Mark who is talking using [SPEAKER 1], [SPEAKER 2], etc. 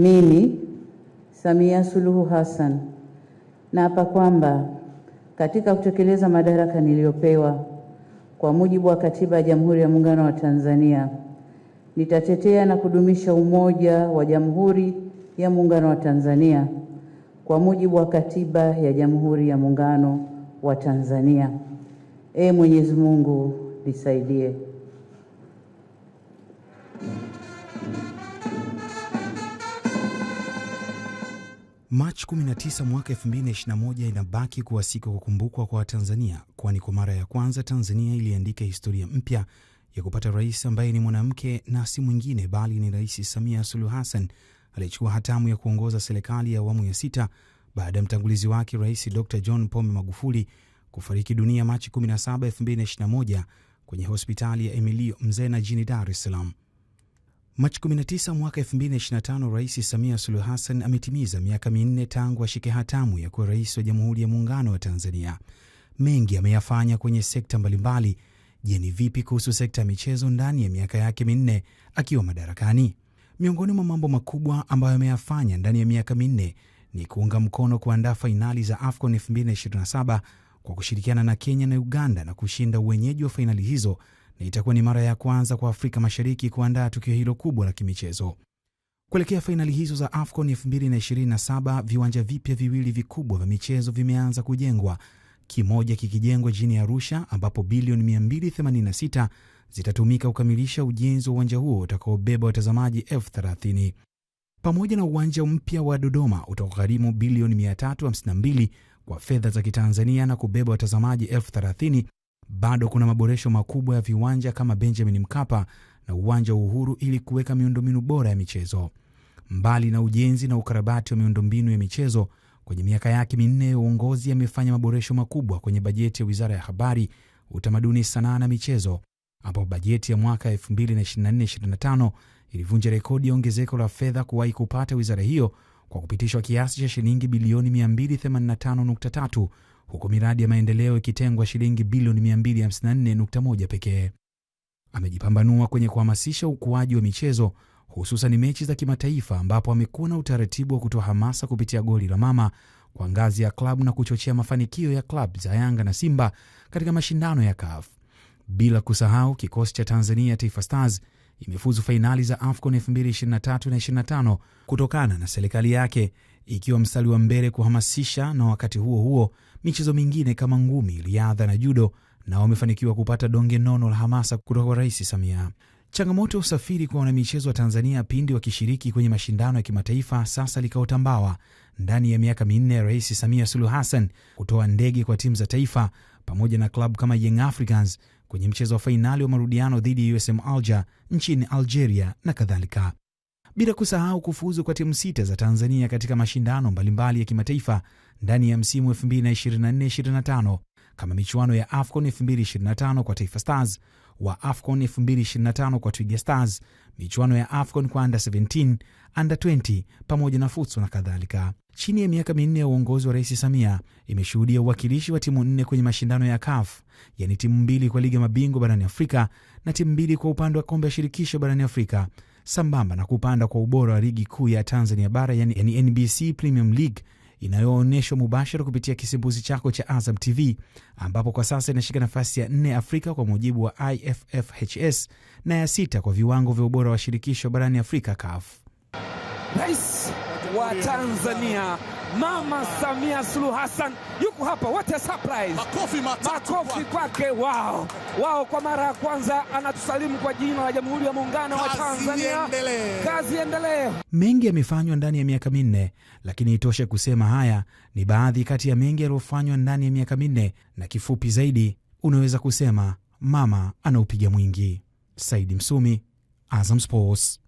[SPEAKER 1] Mimi Samia Suluhu Hassan naapa kwamba katika kutekeleza madaraka niliyopewa kwa mujibu wa Katiba ya Jamhuri ya Muungano wa Tanzania nitatetea na kudumisha umoja wa Jamhuri ya Muungano wa Tanzania kwa mujibu wa Katiba ya Jamhuri ya Muungano wa Tanzania. Ee Mwenyezi Mungu nisaidie.
[SPEAKER 2] Machi 19 mwaka 2021 inabaki kuwa siku ya kukumbukwa kwa Watanzania, kwani kwa mara ya kwanza Tanzania iliandika historia mpya ya kupata rais ambaye ni mwanamke na si mwingine bali ni Rais Samia Suluhu Hassan aliyechukua hatamu ya kuongoza serikali ya awamu ya sita baada ya mtangulizi wake Rais Dr John Pombe Magufuli kufariki dunia Machi 17, 2021 kwenye hospitali ya Emilio Mzena jijini Dar es Salaam. Machi 19 mwaka 2025, Rais Samia Suluhu Hassan ametimiza miaka minne tangu ashike hatamu ya kuwa rais wa Jamhuri ya Muungano wa Tanzania. Mengi ameyafanya kwenye sekta mbalimbali. Je, ni vipi kuhusu sekta ya michezo ndani ya miaka yake minne akiwa madarakani? Miongoni mwa mambo makubwa ambayo ameyafanya ndani ya miaka minne ni kuunga mkono kuandaa fainali za AFCON 2027 kwa kushirikiana na Kenya na Uganda na kushinda uwenyeji wa fainali hizo na itakuwa ni mara ya kwanza kwa Afrika Mashariki kuandaa tukio hilo kubwa la kimichezo. Kuelekea fainali hizo za AFCON 2027 viwanja vipya viwili vikubwa vya michezo vimeanza kujengwa, kimoja kikijengwa jijini Arusha ambapo bilioni 286 zitatumika kukamilisha ujenzi wa uwanja huo utakaobeba watazamaji elfu thelathini pamoja na uwanja mpya wa Dodoma utakaogharimu bilioni 352 kwa fedha za Kitanzania na kubeba watazamaji elfu thelathini bado kuna maboresho makubwa ya viwanja kama Benjamin Mkapa na Uwanja wa Uhuru ili kuweka miundombinu bora ya michezo. Mbali na ujenzi na ukarabati wa miundombinu ya michezo, kwenye miaka yake minne ya uongozi amefanya maboresho makubwa kwenye bajeti ya Wizara ya Habari, Utamaduni, Sanaa na Michezo, ambapo bajeti ya mwaka 2024 ilivunja rekodi ya ongezeko la fedha kuwahi kupata wizara hiyo kwa kupitishwa kiasi cha shilingi bilioni 285.3 huku miradi ya maendeleo ikitengwa shilingi bilioni 254.1 pekee. Amejipambanua kwenye kuhamasisha ukuaji wa michezo hususan mechi za kimataifa ambapo amekuwa na utaratibu wa kutoa hamasa kupitia goli la mama kwa ngazi ya klabu na kuchochea mafanikio ya klabu za Yanga na Simba katika mashindano ya CAF, bila kusahau kikosi cha Tanzania Taifa Stars imefuzu fainali za AFCON 2023 na 25 kutokana na serikali yake ikiwa mstari wa mbele kuhamasisha, na wakati huo huo michezo mingine kama ngumi, riadha na judo na wamefanikiwa kupata donge nono la hamasa kutoka kwa Rais Samia. Changamoto ya usafiri kwa wanamichezo wa Tanzania pindi wakishiriki kwenye mashindano ya kimataifa sasa likaotambawa ndani ya miaka minne ya Rais Samia Suluhu Hassan kutoa ndege kwa timu za taifa pamoja na klabu kama Young Africans kwenye mchezo wa fainali wa marudiano dhidi ya USM Alger nchini Algeria na kadhalika, bila kusahau kufuzu kwa timu sita za Tanzania katika mashindano mbalimbali ya kimataifa ndani ya msimu 2024-2025 kama michuano ya AFCON 2025 kwa Taifa Stars, wa AFCON 2025 kwa Twiga Stars, michuano ya AFCON kwa Under 17, Under 20 pamoja na futso na kadhalika chini ya miaka minne ya uongozi wa Rais Samia imeshuhudia uwakilishi wa timu nne kwenye mashindano ya CAF, yaani timu mbili kwa ligi ya mabingwa barani Afrika na timu mbili kwa upande wa kombe ya shirikisho barani Afrika, sambamba na kupanda kwa ubora wa ligi kuu ya Tanzania Bara, yani NBC Premium League inayoonyeshwa mubashara kupitia kisimbuzi chako cha Azam TV ambapo kwa sasa inashika nafasi ya nne Afrika kwa mujibu wa IFFHS na ya sita kwa viwango vya ubora wa shirikisho barani Afrika CAF
[SPEAKER 3] rais wa Tanzania Mama Samia Suluhu Hassan yuko hapa, what a surprise! Makofi makofi kwake. Wao wao, kwa mara ya kwanza anatusalimu kwa jina la Jamhuri ya Muungano wa Tanzania. Kazi endelee.
[SPEAKER 2] Mengi yamefanywa ndani ya miaka minne, lakini itoshe kusema haya ni baadhi kati ya mengi yaliyofanywa ndani ya miaka minne, na kifupi zaidi unaweza kusema mama anaupiga mwingi. Saidi Msumi, Azam Sports.